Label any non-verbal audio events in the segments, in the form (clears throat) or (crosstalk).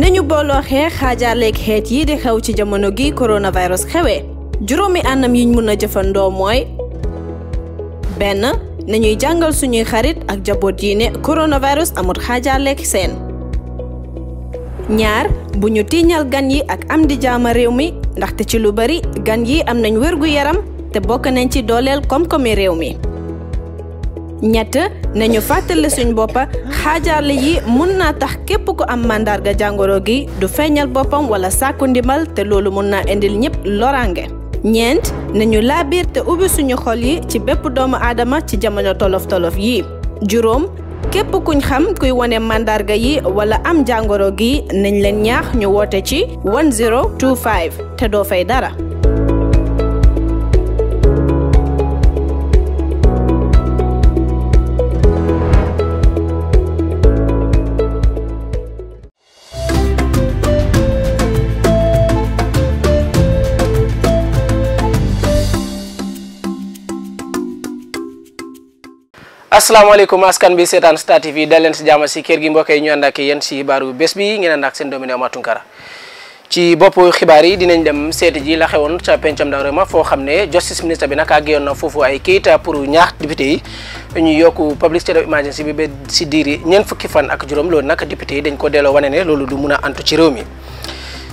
ñu booloo xeex xaajaarleeg xeet yi di xew ci jamono gi coronavirus xewee juróomi anam yiñ mën a jëfandoo mooy benn nañuy jàngal suñuy xarit ak jaboot yi ne coronavirus amut xaajaarleeg seen ñaar bu ñu tiiñal gan yi ak am di jaama réew mi ndaxte ci lu bari gan yi am nañ wérgu yaram te bokk nañ ci dooleel koom-koomi réew mi ñett nañu fàttale suñ boppa xaajaarle yi mun naa tax képp ku am màndarga jàngoro gi du feeñal boppam wala sàkku ndimbal te loolu mun naa indil ñëpp loraange ñeent nañu laabiir te ubbi suñu xol yi ci bépp doomu aadama ci jamono tolof-tolof yi juróom képp kuñ xam kuy wone màndarga yi wala am jàngoro gi nañ leen ñaax ñu woote ci 1025 te doo fay dara asalaamaaleykum askan bi seetaan Star TV dal leen si jàmm si kër gi mbokk yi ñu ànd ak yéen si bés bi ngeen ànd ak seen doomi Omar Tunkara bopp xibaar yi dinañ dem seeti ji la xewoon ca pencam ndaw ma foo xam ne justice ministre bi nag àggeewoon na foofu ay kayit pour ñaax député yi ñu yokk public state of emergency bi ba si diiri ñeent fukki fan ak juróom loolu nag député yi dañ ko delloo wane ne loolu du mun a antu ci réew mi.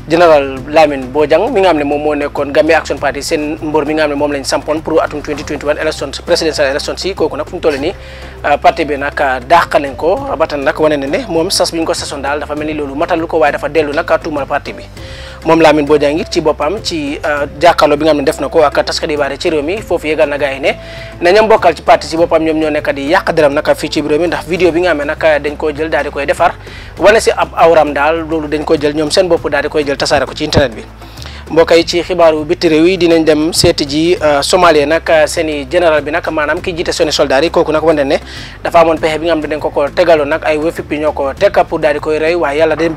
général Lamine Bojang mi nga xam ne moom moo nekkoon Gambia Action Party seen mbër mi nga xam ne moom lañ sampoon pour atum 2021 élection présidentielle si kooku nag fu mu toll nii euh, bi nag euh, dàq nañ ko batan nag wane na ne moom sas bi ko sasoon daal dafa mel ni loolu matal lu ko waaye dafa dellu nag tuumal parti bi moom Lamine Bodian ngir ci boppam ci euh, jàkkaarloo bi nga ne def na ko ak taskati xibaar ci réew mi foofu yëgal na gars yi ne na ñam bokkal ci parti ci boppam ñoom ñoo nekk di yàq deram naka fii ci réew mi ndax vidéo bi nga xam na naka dañ koo jël daal koy defar wane si ab awram daal loolu dañ koy jël ñoom seen bopp daal di koy jël tasaare ko ci internet bi mbokkay ci xibaaru bitti réew yi dinañ dem seeti ji euh, Somalie nag euh, seen i général bi nag maanaam ki jiite seen i soldats yi kooku nag wane ne dafa amoon pexe bi nga xam ne dañ ko ko tegaloon nag ko teg pour daal di koy rey waaye na euh,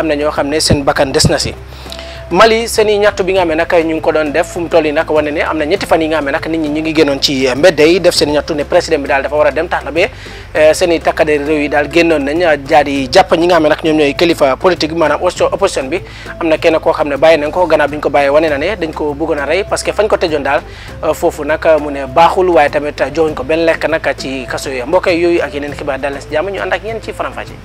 am na ñoo xam ne seen bakkan des na i bi nga xam ne ñu ngi ko doon def fu mu toll yi nag wane ne am na ñetti fan yi nga xam ne nag nit ñi ñu ngi génnoon ci mbedd yi def seen i ne président bi daal dafa war a dem tax na ba Eh, seen i takkadeer réew yi daal génnoon nañ ah, jaar yi jàpp ñi nga xam ne nag ñoom ñooy kilifa politique bi maanaam opposition bi am na kenn koo xam ne bàyyi nañ ko gannaaw bi ko bàyyi wane na ne dañ ko bëggoon a rey parce que fañ ko tëjoon daal eh, foofu nag eh, mu ne baaxul waaye tamit joxuñ ko benn lekk nag ci kaso mbokk yooyu ak yeneen xibaar daal si jàmm ñu ànd ak yéen ci faram-fàcce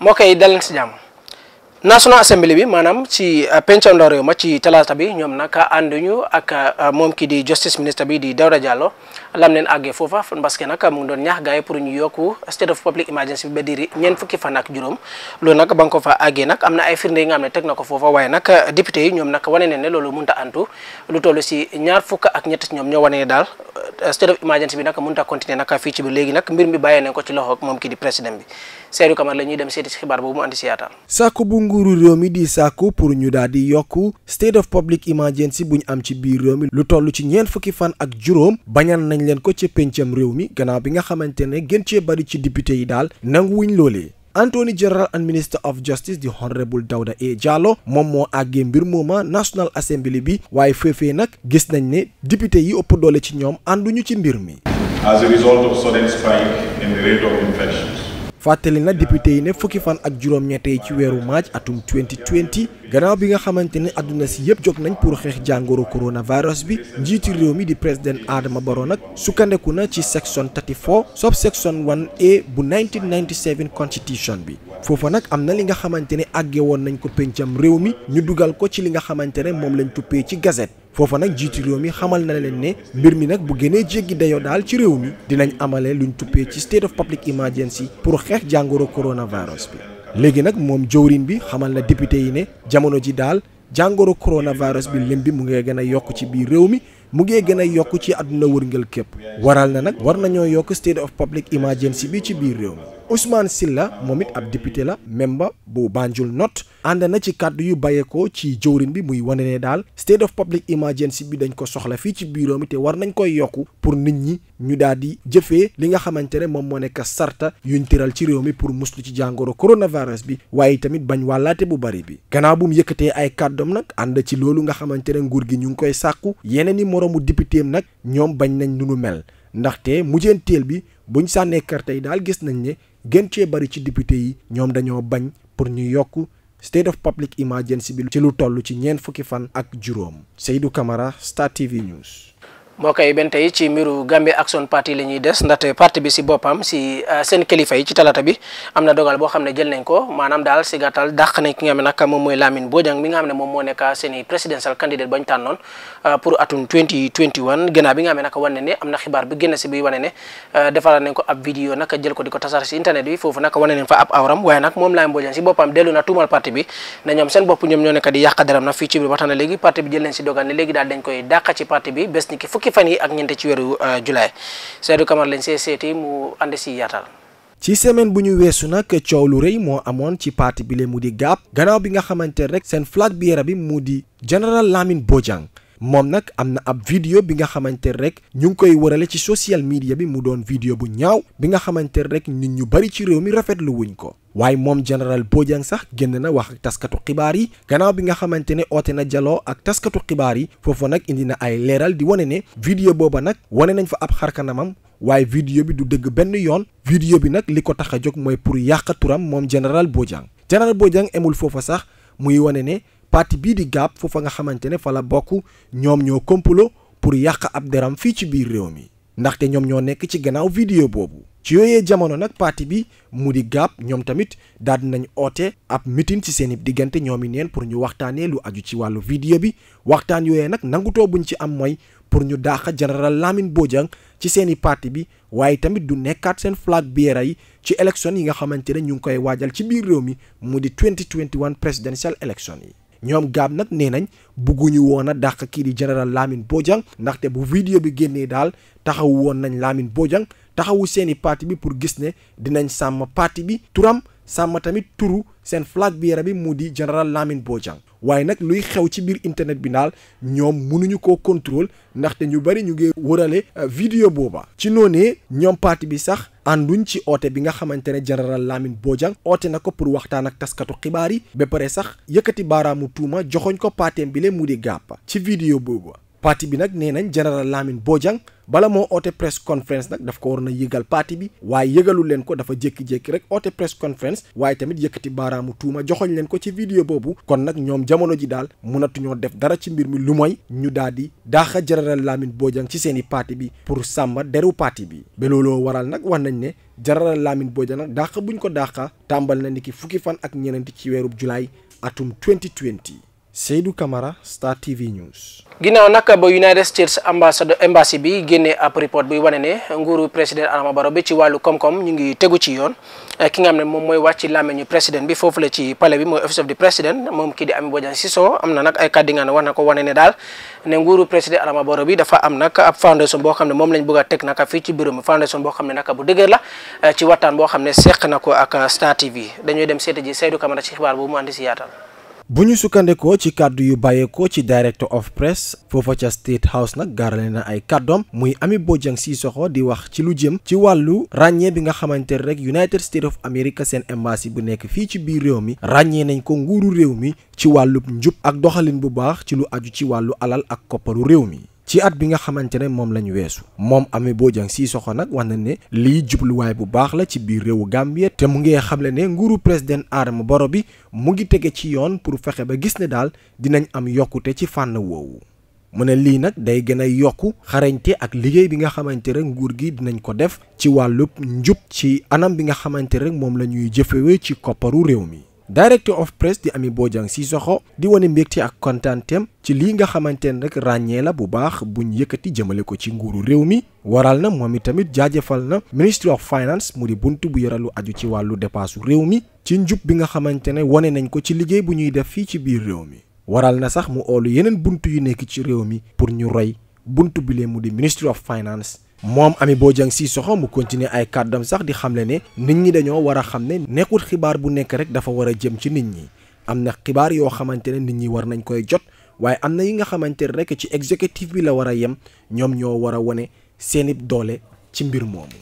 mbokk jàmm National Assembly bi maanaam ci uh, pencam ndaw réew ma talaata bi ñoom nag ànduñu ak uh, moom kii di justice minister bi di Dawda Jallow lam leen àggee foofa parce que nag mu ngi doon ñaax gars pour ñu yokku state of public emergency bi ba diri ñeent fukki fan ak juróom loolu nag ba nga ko fa àggee nag am na ay firnde yi nga xam ne teg na ko foofa waaye nag uh, député yi ñoom nag wane ne ne loolu mënut a antu lu toll si ñaar fukk ak ñett ñoom ñoo wane ne daal state of emergency bi nag mënut a continuer fii ci léegi nag mbir mi bàyyee nañ ko ci loxo moom kii di président bi Seydou Camara la ñuy dem seeti si xibaar boobu mu bu nguuru réew mi di sàkku pour ñu daal di yokk state of public emergency bu ñu am ci biir réew mi lu toll ci ñeent fukki fan ak juróom bañal nañ leen ko ci pencam réew mi gannaaw bi nga xamante ne gën cee bari ci député yi daal nanguwuñ loolee. Attorney General and Minister of Justice di Honorable Dawda A Jallow moom moo àggee mbir mooma National Assembly bi waaye feefee nag gis nañ ne député yi ëpp doole ci ñoom ànduñu ci mbir mi. fàttali na député yi ne fukki fan ak juróom-ñett yi ci weeru maaj atum 2020 gannaaw bi nga xamante ne àdduna si yëpp jog nañ pour xeex jàngoro coronavirus bi njiitu réew mi di président aadama Barrow nag sukkandeku na ci section 34 subsection 1A bu 1997 constitution bi. foofa nag am na li nga xamante ne àggee woon nañ ko pencam réew mi ñu dugal ko ci li nga xamante ne moom lañ tuppee ci gazette foofa nag jiiti réew mi xamal na leen ne mbir mi nag bu gënee jéggi dayoo daal ci réew mi dinañ amale luñ tuppee ci state of public emergency pour xeex jàngoro coronavirus bi. léegi nag moom jëwriñ bi xamal na député yi ne jamono ji daal jàngoro coronavirus bi lim bi mu ngee gën a yokk ci biir réew mi mu ngi gën a yokk ci àdduna wërngël képp waral na nag war nañoo yokk state of public emergency bi ci biir réew Ousmane Sylla moom it ab député la memba bu Banjul not ànd na ci kàddu yu bàyyeekoo ci jëwrin bi muy wane ne daal state of public emergency bi dañ ko soxla fii ci bureau mi te war nañ koy yokku pour nit ñi ñu daal di jëfee li nga xamante ne moom moo nekk sarta yuñ tëral ci réew mi pour muslu ci jàngoro coronavirus bi waaye tamit bañ wallaate bu bari bi gannaaw bu mu yëkkatee ay kàddoom nag ànd ci loolu nga xamante ne nguur gi ñu ngi koy sàkku yeneen i moroomu députéem nag ñoom bañ nañ nu nu mel ndaxte mujjeen téel bi buñ sànnee kar tey daal gis nañ ne gën cee bari ci député yi ñoom dañoo bañ pour ñu yokk state of public emergency bi ci lu toll ci ñeent fukki fan ak juróom Seydou Camara Star TV News. moo koy benn tey ci mbiru Gambia Action Party la ñuy des ndaxte parti bi si boppam si uh, seen kilifa yi ci talaata bi am na dogal boo xam ne jël nañ ko maanaam daal si gàttal dàq ki nga xam ne moom ne moom moo nekk seen i presidential candidate bañ tànnoon uh, pour atum 2021 gannaaw bi nga xam ne am na xibaar bi génn si buy wane ne uh, ko ab vidéo nag jël ko di ko si internet bi foofu nag wane fa ab awram waaye nag moom Lamin Bojang si boppam fukki fan yi ak ñeent ci weeru euh, julaay Seydou Camara lañ see seeti mu ànd si yaatal. ci semaine bu ñu weesu nag coow lu rëy moo amoon ci parti leen mu di GAP gannaaw bi nga xamante rek seen flag bearer bi mu di général Lamine Bojang moom nag am na ab vidéo bi nga xamante rek ñu ngi koy wërale ci social media bi mu doon vidéo bu ñaaw bi nga xamante rek ñu bari ci réew mi rafetlu wuñ ko. waaye moom général Bojang sax génn na wax ak taskatu xibaar yi gannaaw bi nga xamante ne oote na jaloo ak taskatu xibaar yi foofa nag indi na ay leeral di wane ne vidéo booba nag wane nañ fa ab xarkanamam waaye vidéo bi du dëgg benn yoon vidéo bi nag li ko tax a jóg mooy pour yàq turam moom général Bojang général Bojang emul foofa sax muy wane ne parti bii di gàpp foofa nga xamante ne fa la bokk ñoom ñoo komplo pour yàq ab deram fii ci biir réew mi ndaxte ñoom ñoo nekk ci gannaaw vidéo boobu ci yooyee jamono nag parti bi mu di gàpp ñoom tamit daal di nañ oote ab meeting ci seen i diggante ñoom i neen pour ñu waxtaanee lu aju ci wàllu vidéo bi waxtaan yooyee nag nangutoo buñ ci am mooy pour ñu daaxa général Lamine Bojang ci seen i parti bi waaye tamit du nekkaat seen flag bearer yi ci élection yi nga xamante ne ñu ngi koy waajal ci biir réew mi mu di 2021 presidential election yi. ñoom gaab nag nee nañ bugguñu woon a dàq kii di général Lamine Bojang ndaxte bu vidéo bi génnee daal taxaw woon nañ Lamine Bojang taxawu seeni parti bi pour gis ne dinañ sàmm parti bi turam sàmm tamit turu seen flag bearer bi mu di général Lamine Bojang waaye nag luy xew ci biir internet bi daal ñoom mënuñu ko contrôle ndaxte ñu bëri ñu ngi wërale euh, vidéo booba ci noonee ñoom parti bi sax ànduñ ci oote bi nga xamante ne général Lamine Bojang oote na ko pour waxtaan ak taskatu xibaar yi ba pare sax yëkkati baaraamu tuuma joxoñ ko paateem bi leen mu di gàppa ci vidéo booba parti bi nag nee nañ général Lamine Bojang bala moo oote press conference nag daf ko war na yëgal parti bi waaye yëgalul leen ko dafa jékki-jékki rek oote press conference waaye tamit yëkkati baaraamu tuuma joxoñ leen ko ci vidéo boobu kon nag ñoom jamono ji daal mënatuñoo def dara ci mbir mi lu mooy ñu daal di daaxa général Lamine Bojang ci seeni parti bi pour sàmm deru parti bi ba looloo waral nag wax nañ ne général Lamine Bojang nag bu buñ ko daaxa tàmbal na ni ki fukki fan ak ñeneenti ci weerub julaay atum 2020 Seydou Camara Star TV News. ginnaaw nag ba United States ambassade embassy bi génnee ab report buy wane ne nguuru président Adama Barrow bi ci wàllu koom-koom ñu ngi tegu ci yoon eh, ki nga am ne moom mooy wàcc ci ñu président bi foofu la ci palais bi mooy office of the president moom ki di Ami Bojang Sissoho am na nag ay kàddu nga ne wax na ko wane ne daal ne nguuru président Adama Barrow bi dafa am nag ab foundation boo xam ne moom lañ bëgg a teg naka fii ci bureau mi foundation boo xam ne naka bu dëgër la eh, ci xam ne seq na ko ak Star TV dem seeta ji Seydou Camara ci xibaar boobu mu andi si bu ñu sukkandikoo ci kàddu yu bàyyee bàyyeekoo ci director of press foofa ca state house nag gaarale na ay kàddoom muy Ami Bojang Sissoho di wax ci lu jëm ci wàllu ràññee bi nga xamante rek United States of America seen embassy bu nekk fii ci biir réew mi ràññee nañ ko nguuru réew mi ci wàllu njub ak doxalin bu baax ci lu aju ci wàllu alal ak koppalu réew mi ci at bi nga xamante ne moom lañ weesu moom Ami Bojang Sissoco nag wax na ne lii jubluwaay bu baax la ci biir réewu Gambie te mu ngi xamle ne nguuru président Adama boro bi mu ngi tege ci yoon pour fexe ba gis ne daal dinañ am yokkute ci fànn woowu. mu ne lii nag day gën a yokku xarañte ak liggéey bi nga xamante rek nguur gi dinañ ko def ci wàllu njub ci anam bi nga xamante rek moom la ñuy jëfewee ci kopparu réew mi. director of press di Ami Bojang Sissoho di wane mbégte ak kontanteem ci lii nga xamante ne rek ràññee la bu baax buñ yëkkati jëmale ko ci nguuru réew mi waral na moom itamit jaajëfal na ministry of finance mu di bunt bu yore aju ci wàllu dépassu réew mi ci njub bi nga xamante ne wane nañ ko ci liggéey bu ñuy def fii ci biir réew mi waral na sax mu oolu yeneen bunt yu nekk ci réew mi pour ñu rey bunt bi lee mu di ministry of finance moom Ami Bojang soxo mu continuer ay kàddam sax di xamle ne nit ñi dañoo war a xam ne nekkul xibaar bu nekk rek dafa war a jëm ci nit ñi am na xibaar yoo xamante ne nit ñi war nañ koy jot waaye am na yi nga xamante ne rek ci exécutif bi la war a yem ñoom ñoo war a wane seeni doole ci mbir moomu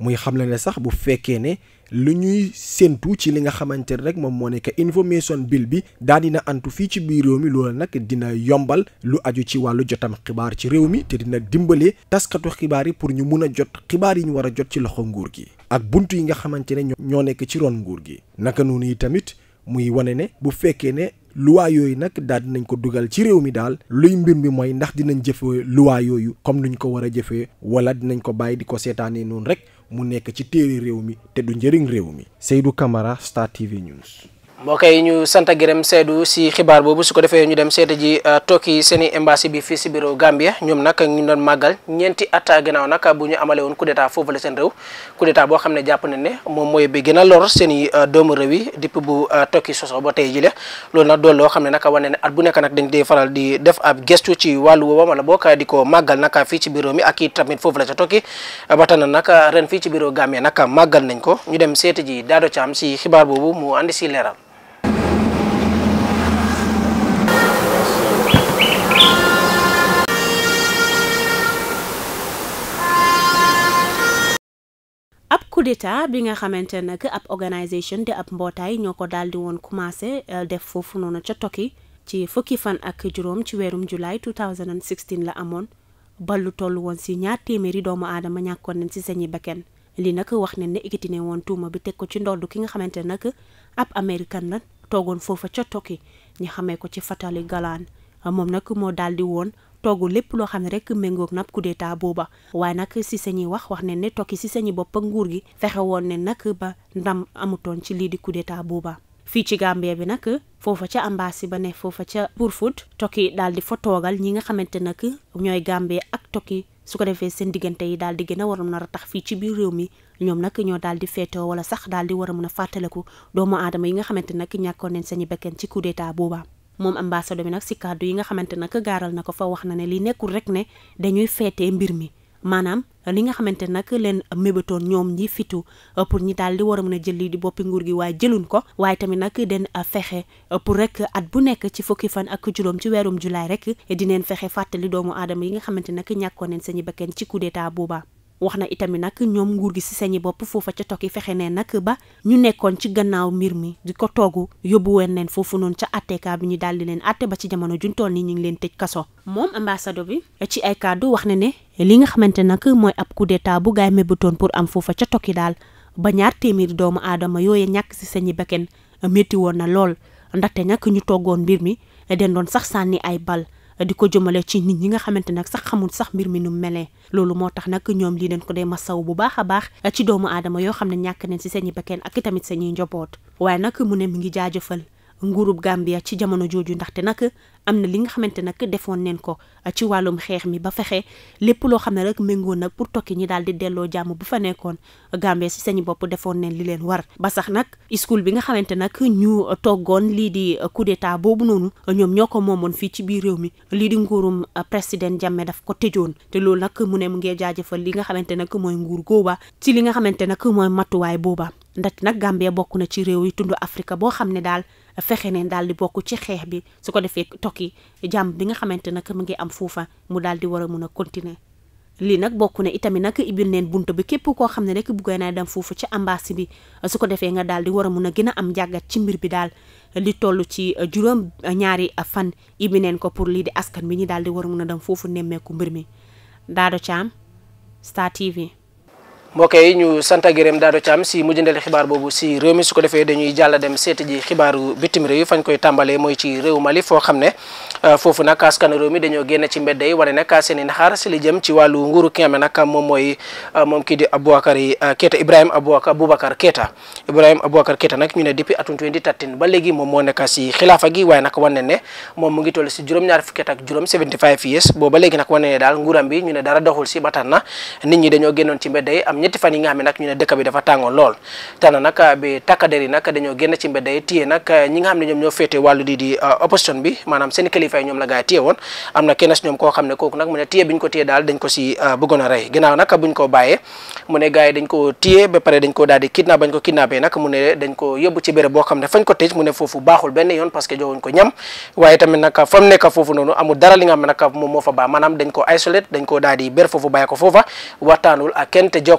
muy xamle ne sax bu fekkee ne lu ñuy séentu ci li nga xamante ne rek moom moo nekk information bill bi daa dina antu fii ci biir réew mi loolu nag dina yombal lu aju ci wàllu jotam xibaar ci réew mi te dina dimbale taskatu xibaar yi pour ñu mun a jot xibaar yi ñu war a jot ci loxo nguur gi ak bunt yi nga xamante ne ñoo nekk ci ron nguur gi naka noonu yi tamit muy wane ne bu fekkee ne luwaa yooyu nag daal dinañ ko dugal ci réew mi daal luy mbir mi mooy ndax dinañ jëfe luwaa yooyu comme luñ ko war a jëfee wala dinañ ko bàyyi di ko seetaanee noonu rek mu nekk ci téere réew mi te du njëriñ réew mi seydu Camara Star TV News mbokk yi ñu sant ak gërëm seedu si xibaar boobu su ko defee ñu dem seeta ji euh, tokki seen i embassy bi fii si bureau Gambia ñoom nag ñu doon màggal ñeenti at gannaaw nag bu ñu amale woon coup d'état foofu la seen réew coup boo xam ne jàpp nañ ne moom mooy bi gën a lor seen i euh, doomu réew yi depuis euh, tokki soso ba tey jile loolu nag doon loo xam ne nag wane ne at bu nekk nag dañ dee faral di def ab gestu ci wàllu woowam wala bokk di ko màggal nag fii ci bureau mi ak i tamit foofu la ca tokki ba tax nag ren fii ci bureau Gambia nag màggal nañ ko ñu dem seeta ji daado caam si xibaar boobu mu andi si leeral ab coup d'état bi nga xamante ne ab organisation de ab mbootaay ñoo ko daal di woon commencé euh, def foofu noonu ca Toki ci fukki fan ak juróom ci weerum julaay 2016 la amoon ba lu toll woon si ñaar téeméeri doomu aadama ñàkkoon nañ si seeni bakkan li nag wax nañ ne ekkiti woon tuuma bi teg ko ci ndoddu ki nga xamante ne nag ab américain la toogoon foofa ca Toki ñu xamee ko ci Fatali Galan moom nag moo daal di woon. togg lépp loo xam ne rek méngoog nag coup d'état booba waaye nag si sañi wax wax ne ne tokki si sañi bopp nguur gi fexe woon ne nag ba ndam amutoon ci lii di coup d'état booba fii ci Gambie bi nag foofa ca ambassade ba ne foofa ca Burfut tokki daal di fa toogal ñi nga xamante nag ñooy Gambie ak tokki su ko defee seen diggante yi daal di gën a war a mën a fii ci biir réew mi ñoom nag ñoo daal di feetoo wala sax daal di war a mën a doomu aadama yi nga xamante nag ñàkkoon nañ sañu bekken ci coup d'état moom ambassadeur bi nag si kàddu yi nga xamante nag gaaral na ko fa wax na ne li nekkul rek ne dañuy feetee mbir mi maanaam li nga xamante nag leen mébatoon ñoom ñi fitu euh, pour ñi daal di war a mën a jël lii di boppi nguur gi waaye jëluñ ko waaye tamit nag den euh, fexe euh, pour rek at bu nekk ci fukki fan ak juróom ci weerum julaay rek dineen fexe fàttali doomu aadama yi nga xamante nag ñàkkoon neen sañu bakken ci coup boobaa wax na itamit nag ñoom nguur gi si sañi bopp foofa ca tokki fexe ne nag ba ñu nekkoon ci gannaaw mbir mi di ko toogu yóbbuween leen foofu noonu ca atteka bi ñu daal di leen atte ba ci jamono juntoon ni ñu leen tëj kaso moom ambassadeur bi ci ay kàddu wax na ne li nga xamante nag mooy ab coup bu gaay mébatoon pour am foofa ca tokki daal ba ñaar téeméeri doomu aadama yooye ñàkk si sañi bekken métti woon na lool ndaxte nag ñu toggoon mbir mi dendoon sax sànni ay bal di ko jëmale ci nit ñi nga xamante nag sax xamul sax mbir mi nu melee loolu moo tax nag ñoom lii dañ ko dee masaw bu baax a baax ci doomu aadama yoo xam ne ñàkk neen si seen i bakkan ak tamit seen i njaboot waaye nag mu ne mi ngi jaajëfal nguurub Gambia ci jamono jooju ndaxte nag am na li nga xamante nag defoon neen ko ci wàllum xeex mi ba fexe lépp loo xam ne rek méngoo nag pour tokki ñi daal di delloo jàmm bu fa nekkoon Gambie si sañi bopp defoon neen li leen war ba sax nag school bi nga xamante nag ñu toggoon lii di coup boobu noonu ñoom ñoo ko moomoon fii ci biir réew mi lii di nguurum président Jammeh daf ko tëjoon te loolu nag mu ne mu ngee jaajëfal li nga xamante nag mooy nguur gooba ci li nga xamante nag mooy matuwaay booba ndaxte nag Gambie bokk na ci réew yi tund Afrique boo xam ne daal fexe neen daal di bokk ci xeex bi su ko defee tokki jàmm bi nga xamante nag mu ngi am foofa mu daal di war a mun a continuer lii nag bokk na itamit nag ibil neen bunt bi képp koo xam ne rek buggee naa dem foofu ci ambassade bi su ko defee nga daal di war a mun a gën a am jàggat ci mbir bi daal li toll ci juróom ñaari fan ibil neen ko pour lii di askan bi ñu daal di war a mun a dem foofu nemmeeku mbir mi Dado Thiam Star mbokk yi ñu sant ak gërëm Dado Thiam si mujjandali xibaar boobu si réew mi su ko defee dañuy jàll dem seeti ji xibaaru bitim réew fañ tàmbalee mooy ci réew Mali foo xam ne euh, foofu nag askan réew mi dañoo génn ci mbedd yi wane nag seen i naxaar si li jëm ci wàllu nguuru ki nga nag moom mooy euh, moom kii di Aboubakary euh, Keita Ibrahima Aboubacar Keita Ibrahima Aboubacar Keita nag ñu ne depuis atum 2013 ba léegi moom moo nekk si xilaafa gi waaye nag wane ne moom mu ngi toll si juróom-ñaar fukki at ak juróom 75 years booba léegi nag wane ne daal nguuram bi ñu ne dara doxul si ba na nit ñi dañoo génnoon ci mbedd yi am ñetti fan yi nga xam ne bi dafa tàngoon ah, dañoo génn ci mbedd yi téye ah, ñi nga xam ñoom ñoo féete wàllu di ah, opposition bi maanaam seen kilifa ñoom la gaa yi woon am na kenn si ñoom ba pare dañ ko daal di kidnap ko kidnappé nag mu dañ ko yóbbu ci béréb boo xam ne fañ ko tëj mu foofu baaxul benn yoon parce que joxuñ ko ñam waaye tamit nag fam nekk foofu noonu amul dara li nga xam ne moom moo fa baax maanaam dañ ko isolate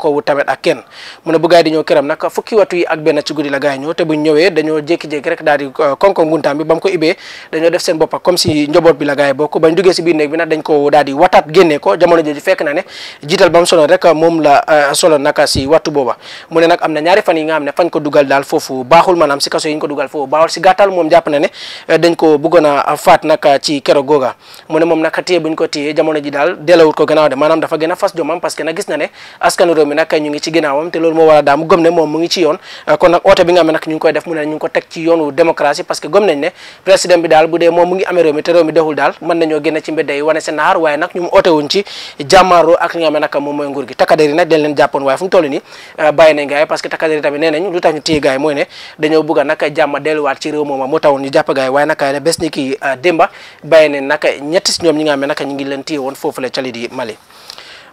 jokkoowu tamit ak kenn mu ne bu gaay di ñëw fukki watu yi ak benn ci guddi la gaay te buñ ñëwee dañoo jékki-jékki rek daal euh, konko nguntaam bi ba ko ibee dañoo def seen bopp comme si njaboot bi la gaay bokk bañ si biir euh, ko dugal foofu baaxul maanaam si kaso moom jàpp na ne euh, dañ ko bëggoon a faat nag ci kero googa mu moom nag téye ko téye jamono ji daal delawut ko gannaaw de maanaam dafa gën fas jomam parce que gis nag ñu ngi ci ginnaawam te loolu moo a daa mu gëm ne moom mu ngi ci yoon euh, kon nag yi mooy ne dañoo bëgg a nag jàmma delluwaat ci réew mooma moo taxoon ñu jàpp gaay waaye nag kaay bés ni kii euh, démba ñetti ñoom ñi nga xam ne ñu ngi leen téye woon foofu la cali Mali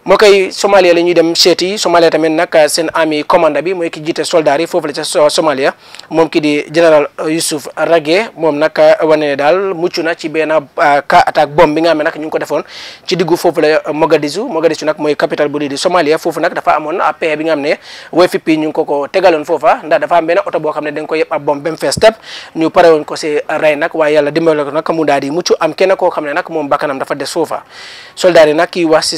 moo koy Somalia la ñuy dem seeti Somalia tamit nag euh, seen ami commanda bi mooy ki jiite soldats yi foofu la ca Somalia moom ki di général Youssouf Rage moom nag euh, wane benn ka euh, attaque bombe bi nga ñu ngi ko defoon ci diggu foofu la Mogadishu mooy capitale bu di di Somalia foofu dafa amoon paix bi nga xam ne way fippi ñu ngi ko ko tegaloon foofa ndax dafa am benn oto boo xam ne dañ ko yëpp ab bombe ba mu fees tepp ñu pare woon ko si rey nag waaye yàlla dimbale ko nag mu daal di mucc am kenn koo xam ne nag moom bakkanam dafa des foofa soldats yi nag kii wax si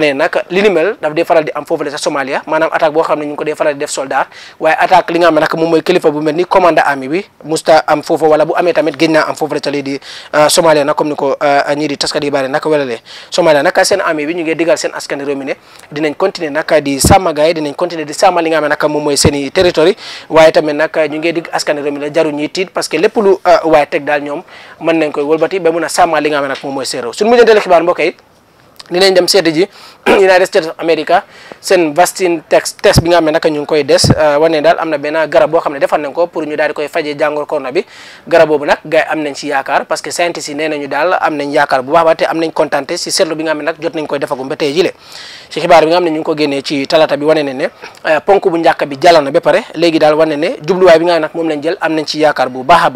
wane nag daf dee faral di am foofule sa Somalia maanaam attaque boo xam ne ñu ko dee faral di def soldat waaye attaque li nga xam ne bu mel ni commandant ami bi musta am foofu wala bu amee tamit génn am foofule sa lii di euh, euh, Somalia nag seen ami bi ñu ngi digal seen askan réew mi ne dinañ continuer di sàmm gaay di sàmm li nga xam ne nag moom mooy seen waaye tamit nag ñu ngi dig askan réew la jaru ñuy dinañ dem seeti ji (clears throat) United States of America seen vaccine test bi nga xam ne naka ñu ngi koy des euh, wane daal am na benn garab boo xam ne defar nañ ko pour ñu daal di koy fajee jàngoro corona bi garab boobu nag gars am nañ ci yaakaar parce que scientifiques yi nee nañu daal am nañ yaakaar bu baax ba am nañ kontante si seetlu bi nga xam ne nag jot nañ koy defagum ba tey jile si xibaar bi nga xam ne ñu ngi ko génnee ci talata euh, ba pare léegi daal wane ne jubluwaay bi nga xam ne nag moom lañ jël am yaakaar bu baax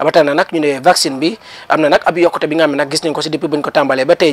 a na nag ñu ne vaccine bi am na nag ab yokkute bi nga gis nañ ko si depuis ko tàmbalee ba tey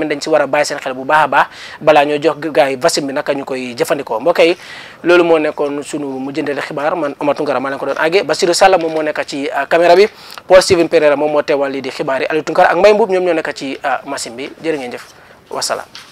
tamit dañ si war a bàyyi seen xel bu baax a baax balaa ñoo jox gars yi vaccine bi naka ñu koy jëfandikoo mbokk loolu moo nekkoon sunu mujjëndeel xibaar man Amatou Ngara maa leen ko doon àggee Basirou Sall moom moo nekk ci uh, caméra bi Paul Steven Pereira moom moo teewal lii di xibaar yi Aliou Tunkara ak Mbaye Mbuub ñoom ñoo nekk ci uh, machine bi jërë ngeen jëf